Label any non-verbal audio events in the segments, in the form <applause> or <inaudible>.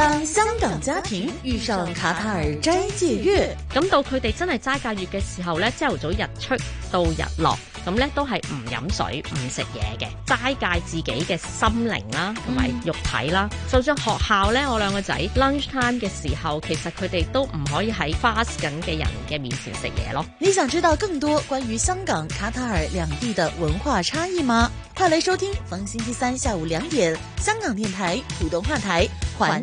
當香港家庭遇上卡塔爾齋戒月，咁、嗯、到佢哋真係齋戒月嘅時候咧，朝頭早日出到日落，咁咧都係唔飲水、唔食嘢嘅齋戒自己嘅心靈啦，同埋肉體啦、嗯。就算學校咧，我兩個仔 lunch time 嘅時候，其實佢哋都唔可以喺 fast 緊嘅人嘅面前食嘢咯。你想知道更多關於香港、卡塔爾兩地的文化差異嗎？快來收聽逢星期三下午兩點，香港電台普通話台，環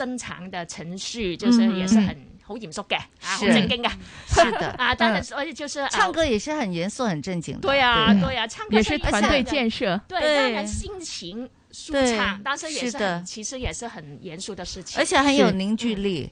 正常的程序就是也是很好嚴肅嘅，好、嗯啊、正經的，是的啊。當、嗯、然是，而且就是、啊、唱歌也是很嚴肅、很正經的，對呀、啊、對呀、啊啊啊，唱歌也是團隊建設，對，對，當然心情舒暢對。但是也是，是其實也是很嚴肅的事情，而且很有凝聚力。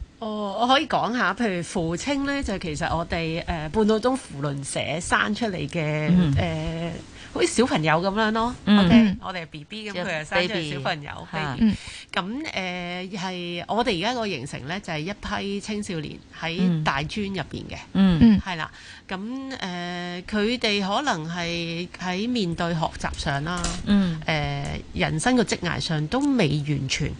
哦，我可以講下，譬如扶青咧，就其實我哋誒半島中扶輪社生出嚟嘅誒，好似小朋友咁樣咯。OK，我哋係 BB 咁，佢係生咗小朋友。嗯，咁誒係我哋而家個形成咧，就係一批青少年喺大專入邊嘅。嗯嗯，係啦。咁誒，佢哋可能係喺面對學習上啦。嗯，誒，人生個職涯上都未完全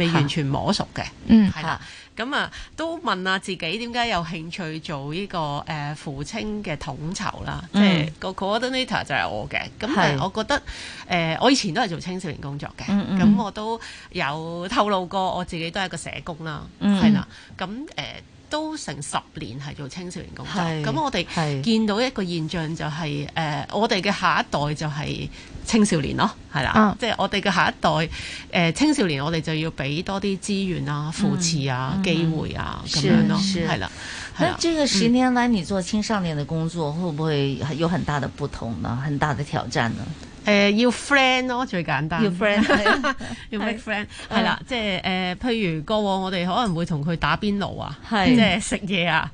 未完全摸熟嘅，係、嗯、啦，咁啊、嗯嗯、都問下自己點解有興趣做呢、這個誒、呃、扶青嘅統籌啦，即係個 coordinator 就係、是、我嘅。咁、嗯、誒、嗯，我覺得誒、呃，我以前都係做青少年工作嘅，咁、嗯嗯、我都有透露過我自己都係個社工啦，係、嗯、啦，咁誒、嗯嗯嗯、都成十年係做青少年工作。咁、嗯嗯、我哋見到一個現象就係、是、誒、呃，我哋嘅下一代就係、是。青少年咯，係啦，哦、即係我哋嘅下一代。呃、青少年，我哋就要俾多啲資源啊、扶持啊、嗯、機會啊咁、嗯、樣咯，係啦，係啦。咁呢個十年來，你做青少年嘅工作，會唔會有很大的不同呢？很大的挑戰呢？呃、要 friend 咯，最簡單。要 friend， <laughs> 要 make friend，係 <laughs> 要 make friend. <laughs> 啦，嗯、即係、呃、譬如過往我哋可能會同佢打邊爐啊，啊，嗯、啊，啊， <laughs> 火鍋 <laughs> 啊，即係食嘢啊，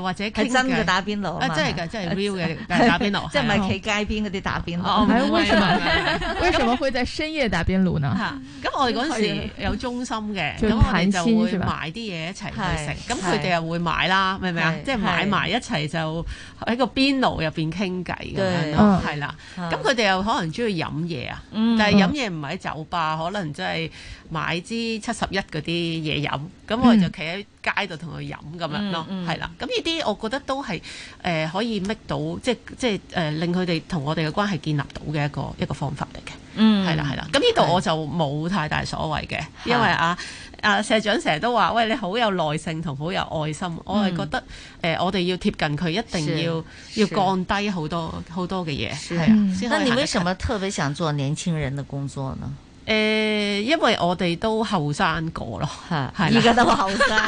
或者係真嘅打邊爐真係㗎，係 real 嘅打邊爐。即係唔係企街邊嗰啲打邊爐？哦，唔係 William，William 佢哋深夜打邊爐呢咁、 <laughs> <laughs> 啊、我哋嗰陣時有中心嘅，咁、 <laughs> 嗯、我哋就會買啲嘢一齊去食。咁佢哋又會買啦， <laughs> 明唔明啊？即係買埋一齊就喺個邊爐入面傾偈咁樣啦。咁佢哋又可能。啊 <laughs> <laughs> 唔中意飲嘢啊，但係飲嘢唔係喺酒吧，嗯、可能真係買支七十一嗰啲嘢飲，咁、嗯、我哋就企喺街度同佢飲咁樣咯，係、嗯、啦。咁呢啲我覺得都係誒、呃、可以 make 到，即係即係誒令佢哋同我哋嘅關係建立到嘅一個一個方法嚟嘅。嗯，係啦，係啦，咁呢度我就冇太大所謂嘅，因為啊啊社長成日都話，喂，你好有耐性同好有愛心，我係覺得誒、呃，我哋要貼近佢，一定要要降低好多好多嘅嘢。係啊，那你為什麼特別想做年輕人的工作呢？誒，因為我哋都後生過咯，吓，而家都好後生，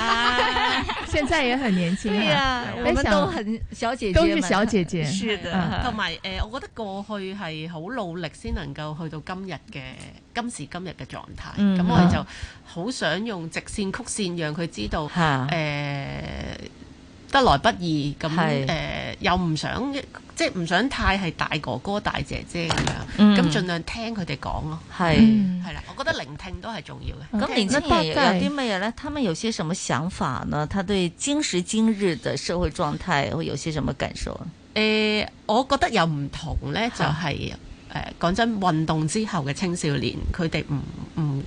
現在也很年輕。啊， <laughs> 我們都很小姐姐，都是小姐姐。同埋誒，我覺得過去係好努力先能夠去到今日嘅今時今日嘅狀態。咁、嗯、我就好想用直線曲線，讓佢知道，誒、啊呃。得來不易咁誒、呃，又唔想即係唔想太係大哥哥大姐姐咁樣，咁、嗯、盡量聽佢哋講咯。係係啦，我覺得聆聽都係重要嘅。咁年輕人有啲乜嘢咧？他們有些什麼想法呢？他對今時今日嘅社會狀態會有些什麼感受啊？誒、嗯呃，我覺得有唔同呢，就係誒講真，運動之後嘅青少年，佢哋唔唔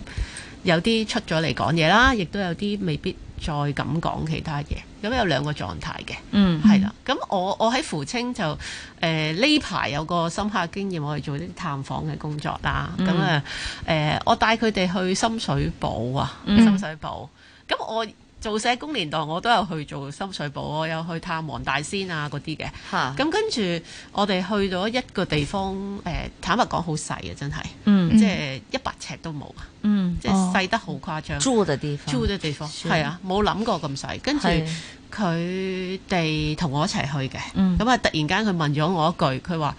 有啲出咗嚟講嘢啦，亦都有啲未必再咁講其他嘢。咁有兩個狀態嘅，係、嗯、啦。咁我我喺扶青就誒呢排有個深刻經驗，我哋做啲探訪嘅工作啦。咁、嗯、啊、呃、我帶佢哋去深水埗啊，嗯、深水埗。咁我做社工年代，我都有去做深水埗，我有去探黃大仙啊嗰啲嘅。嚇！咁、啊、跟住我哋去咗一個地方，誒、呃、坦白講好細啊，真係嗯，即係一百尺都冇啊，嗯，即係細得好誇張，租、哦、嘅地方，租嘅地方，係啊，冇諗、啊、過咁細。跟住佢哋同我一齊去嘅，咁、嗯、啊，突然間佢問咗我一句，佢話：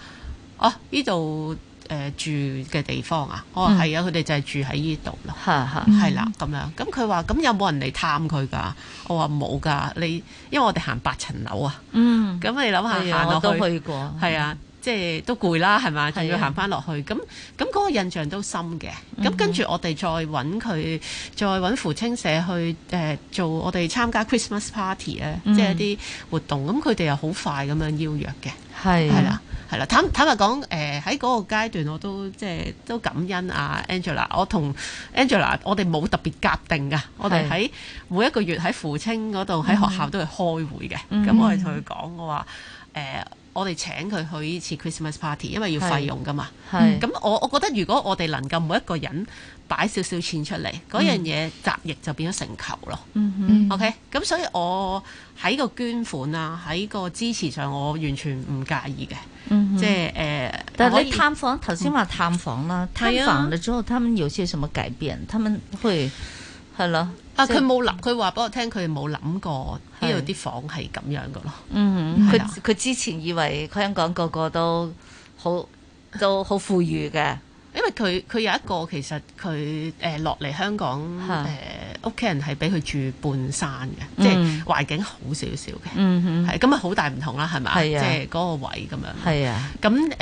啊「哦，呢度。誒、呃、住嘅地方啊，我話係啊，佢、嗯、哋、哦、就係住喺呢度啦，係啦咁樣。咁佢話咁有冇人嚟探佢㗎？我話冇㗎，你因為我哋行八層樓啊。嗯，咁你諗下我都去過，係啊。即係都攰啦，係嘛？就要行翻落去咁，咁嗰個印象都深嘅。咁、嗯、跟住我哋再揾佢，再揾扶青社去誒、呃、做我哋參加 Christmas Party 咧、嗯，即係一啲活動。咁佢哋又好快咁樣邀約嘅，係係啦，係啦。坦坦白講，誒喺嗰個階段我都即係都感恩啊 Angela，我 Angela 我。我同 Angela，我哋冇特別夾定㗎。我哋喺每一個月喺扶青嗰度喺學校都係開會嘅。咁、嗯嗯、我哋同佢講我話誒。呃我哋請佢去呢次 Christmas party，因為要費用㗎嘛。係，咁我、嗯、我覺得如果我哋能夠每一個人擺少少錢出嚟，嗰樣嘢集腋就變咗成裘咯。嗯 OK 咁所以我喺個捐款啊，喺個支持上，我完全唔介意嘅、嗯。即係誒、呃。但係你探訪頭先話探訪啦、嗯，探訪咗之後、啊，他們有些什麼改變？他們會係咯。啊！佢冇諗，佢話俾我聽，佢冇諗過呢度啲房係咁樣嘅咯。嗯，佢佢之前以為香港個個都好 <laughs> 都好富裕嘅，因為佢佢有一個其實佢誒落嚟香港誒屋企人係俾佢住半山嘅，即係、就是、環境好少少嘅。嗯，咁啊，好大唔同啦，係咪？係啊，即係嗰個位咁樣。係、呃、啊，咁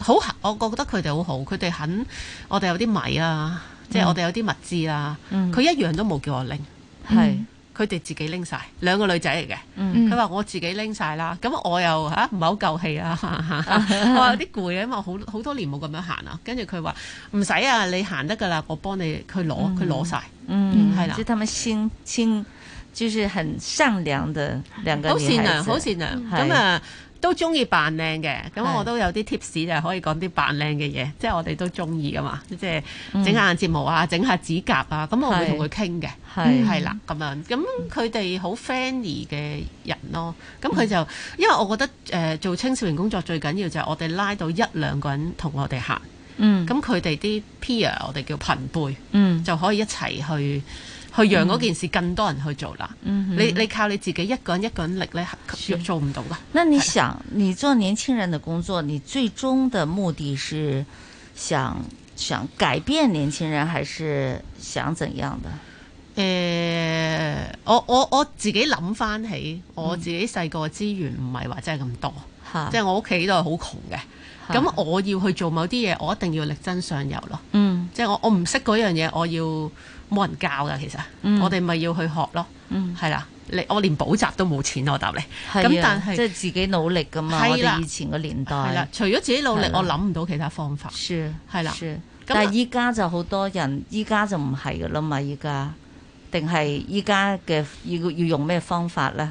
誒好，我覺得佢哋好好，佢哋肯，我哋有啲米啊。即係我哋有啲物資啦、啊，佢、嗯、一樣都冇叫我拎，係佢哋自己拎晒，兩個女仔嚟嘅。佢、嗯、話我自己拎晒啦，咁我又嚇唔係好夠氣啊！啊哈哈 <laughs> 我有啲攰啊，因為好好多年冇咁樣行啊。跟住佢話唔使啊，你行得噶啦，我幫你去攞，佢攞晒。嗯，係啦。就、嗯嗯、他們心心就是很善良嘅，兩個好善良，好善良咁啊。嗯嗯都中意扮靚嘅，咁我都有啲 tips 就係可以講啲扮靚嘅嘢，即係我哋都中意噶嘛，即係整下眼睫毛啊，整下指甲啊，咁我會同佢傾嘅，係啦咁樣。咁佢哋好 friendly 嘅人咯，咁佢就、嗯、因為我覺得誒、呃、做青少年工作最緊要就係我哋拉到一兩個人同我哋行，咁佢哋啲 peer 我哋叫朋輩、嗯，就可以一齊去。去讓嗰件事更多人去做啦、嗯。你你靠你自己一個人一個人，一個人力咧，做唔到噶。那你想你做年輕人的工作，你最終的目的是想想改變年輕人，還是想怎樣的？誒、呃，我我我自己諗翻起，我自己細個資源唔係話真係咁多，嗯、即係我屋企都係好窮嘅。咁、嗯、我要去做某啲嘢，我一定要力爭上游咯。嗯，即係我我唔識嗰樣嘢，我要。冇人教噶，其實、嗯、我哋咪要去學咯，係、嗯、啦。你我連補習都冇錢，我答你。咁、啊、但係即係自己努力噶嘛。係啦，以前個年代。係啦，係啦，除咗自己努力，我諗唔到其他方法。係係啦，係。但係依家就好多人，依家就唔係噶啦嘛。依家定係依家嘅要要用咩方法咧？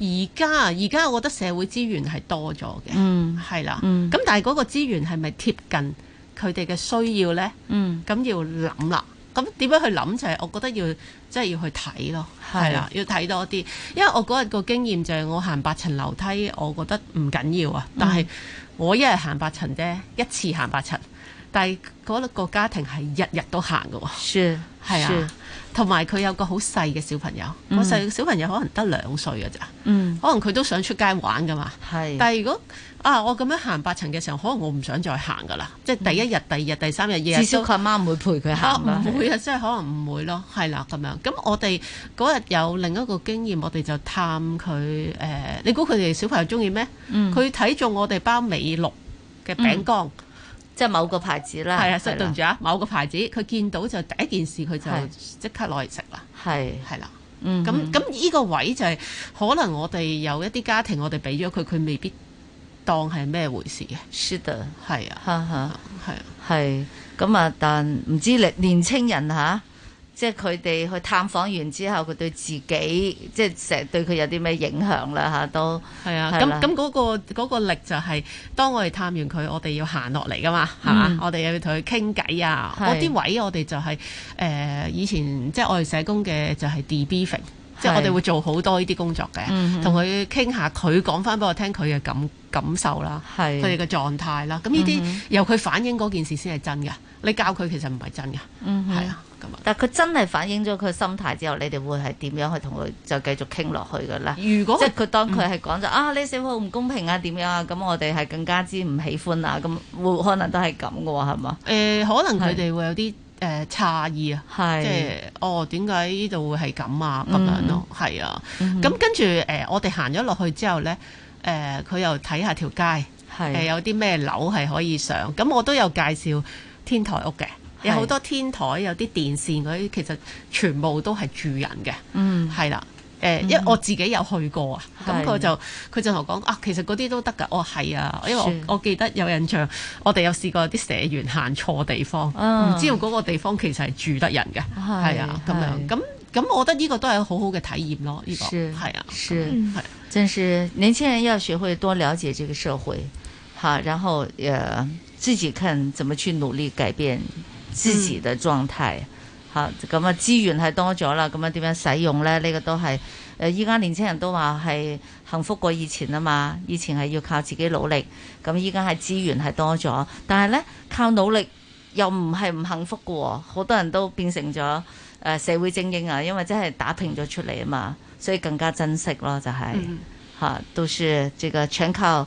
而家而家，我覺得社會資源係多咗嘅。嗯，係啦。咁但係嗰個資源係咪貼近佢哋嘅需要咧？嗯。咁要諗啦。嗯咁點樣去諗就係，我覺得要即係要去睇咯，係啦、啊，要睇多啲。因為我嗰日個經驗就係，我行八層樓梯，我覺得唔緊要啊。但係我一日行八層啫，一次行八層。但係嗰個家庭係日日都行㗎喎，係啊。是是是啊。同埋佢有，佢有一個好細嘅小朋友，我細嘅小朋友可能得兩歲嘅咋，嗯，可能佢都想出街玩噶嘛。但係如果啊，我咁樣行八層嘅時候，可能我唔想再行噶啦，即係第一日、第二日、第三日，日至少佢阿媽唔會陪佢行啦。唔會啊，即係可能唔會咯。係啦，咁樣。咁我哋嗰日有另一個經驗，我哋就探佢誒，呃，你估佢哋小朋友中意咩？佢，嗯、睇中我哋包美露嘅餅乾。嗯即係某個牌子啦，係啊，食對唔住啊！某個牌子，佢見到就第一件事，佢就即刻攞嚟食啦。係，係啦。嗯，咁咁依個位就係、是、可能我哋有一啲家庭，我哋俾咗佢，佢未必當係咩回事嘅。s h o u 係啊，哈哈，係啊，係。咁啊、嗯，但唔知年年輕人吓。即係佢哋去探訪完之後，佢對自己即係成日對佢有啲咩影響啦？嚇都係啊。咁咁嗰個力就係、是、當我哋探完佢，我哋要行落嚟噶嘛，係、嗯、嘛？我哋又要同佢傾偈啊。嗰啲位置我哋就係、是、誒、呃、以前即係我哋社工嘅就係 debriefing 即係我哋會做好多呢啲工作嘅，同佢傾下佢講翻俾我聽佢嘅感感受啦，佢哋嘅狀態啦。咁呢啲由佢反映嗰件事先係真嘅。你教佢其實唔係真嘅，係、嗯嗯、啊。但佢真係反映咗佢心態之後，你哋會係點樣去同佢就繼續傾落去嘅咧？如果佢即係佢當佢係講咗「啊，呢社會唔公平啊，點樣啊？咁我哋係更加之唔喜歡啊！咁會可能都係咁嘅喎，係嘛？誒、呃，可能佢哋會有啲誒、呃、差異係係、哦、係啊，即係哦，點解呢度會係咁啊？咁樣咯，係啊。咁跟住誒，我哋行咗落去之後咧，誒、呃，佢又睇下條街係、呃、有啲咩樓係可以上。咁我都有介紹天台屋嘅。有好多天台有啲電線嗰啲，其實全部都係住人嘅，係、嗯、啦。誒，因為我自己有去過啊，咁、嗯、佢就佢就同我講啊，其實嗰啲都得㗎。哦，係啊，因為我我記得有印象，我哋有試過啲社員行錯地方，唔、哦、知嗰個地方其實係住得人嘅，係啊咁樣。咁咁，那那我覺得呢個都係好好嘅體驗咯。呢、這個係啊，是啊、嗯，真是年輕人要學會多了解這個社會，好，然後誒、呃、自己看怎麼去努力改變。支持嘅狀態嚇，咁、嗯、啊資源係多咗啦，咁樣點樣使用呢？呢、這個都係誒，依、呃、家年輕人都話係幸福過以前啊嘛，以前係要靠自己努力，咁依家係資源係多咗，但係呢，靠努力又唔係唔幸福嘅、哦，好多人都變成咗誒、呃、社會精英啊，因為真係打拼咗出嚟啊嘛，所以更加珍惜咯、就係，就係嚇，都是這個全靠。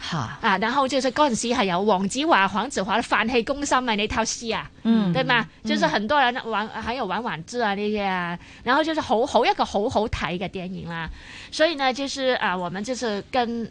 吓！啊，然後就是嗰陣時，係有黃子華、黃子華飯氣攻心啊，呢套戲啊、嗯，對嗎？就是很多人玩，嗯、還有玩玩字啊，呢啲啊，然後就是好好一個好好睇嘅電影啦。所以呢，就是啊，我們就是跟。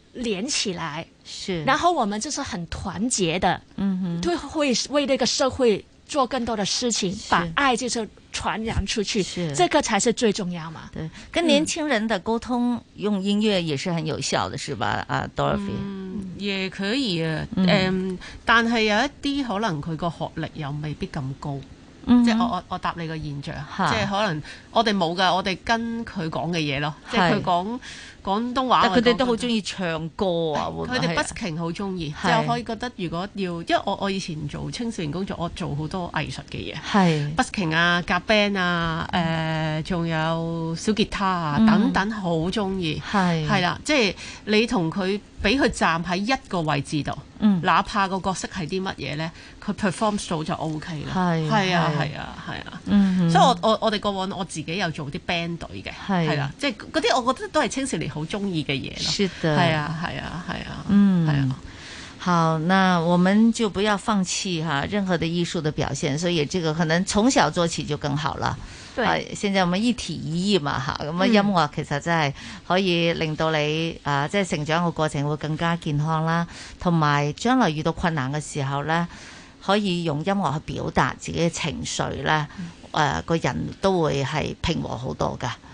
連起來是，然後我們就是很團結的，嗯哼，都會為這個社會做更多的事情，把愛就是傳染出去，是，這個才是最重要嘛。對，跟年輕人的溝通、嗯、用音樂也是很有效的，是吧？啊 Dorothy、嗯、也可以啊、啊、嗯、嗯，但係有一啲可能佢個學歷又未必咁高，嗯、即係我我我答你個現象，即係可能我哋冇㗎，我哋跟佢講嘅嘢咯，即係佢講。廣東話，佢哋都好中意唱歌會會他們啊！佢哋 busking 好中意，即係可以覺得如果要，因為我我以前做青少年工作，我做好多藝術嘅嘢，busking 啊、夾 band 啊、誒、呃、仲有小吉他啊等等，好中意，係啦、啊，即係你同佢俾佢站喺一個位置度、嗯，哪怕個角色係啲乜嘢咧，佢 perform 到就 OK 啦，係啊係啊係啊，啊、嗯，所以我我我哋過往我自己有做啲 band 隊嘅，係啦、啊啊，即係嗰啲我覺得都係青少年。好中意嘅嘢咯，係啊，係啊，係啊，嗯，係啊。好，那我們就不要放棄哈、啊，任何的藝術的表現，所以這個可能從小做起就更好啦。對、啊，現在我們一體一藝嘛，哈，咁啊，音樂其實真係可以令到你啊，即係成長嘅過程會更加健康啦，同埋將來遇到困難嘅時候呢，可以用音樂去表達自己嘅情緒呢，誒、啊，個人都會係平和好多噶。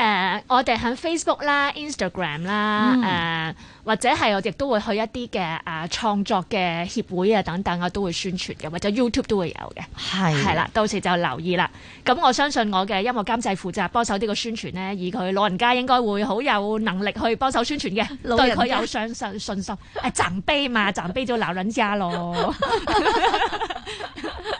誒、uh，我哋喺 Facebook 啦、Instagram 啦，誒、嗯 uh, 或者係我亦都會去一啲嘅啊創作嘅協會啊等等，啊都會宣傳嘅，或者 YouTube 都會有嘅，係係啦，到時就留意啦。咁我相信我嘅音樂監製負責幫手呢個宣傳呢，以佢老人家應該會好有能力去幫手宣傳嘅，對佢有相信信心，誒、 <laughs> 哎、賺悲嘛，賺悲咗鬧人家咯。 <laughs> <laughs>